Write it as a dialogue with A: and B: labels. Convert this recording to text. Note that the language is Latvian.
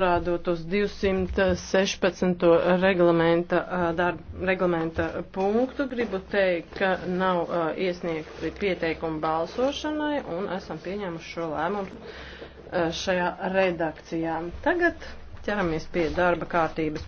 A: Parādot uz 216. reglamenta, darba, reglamenta punktu, gribu teikt, ka nav uh, iesniegti pieteikumi balsošanai un esam pieņēmuši šo lēmumu uh, šajā redakcijā. Tagad
B: ķeramies pie darba kārtības.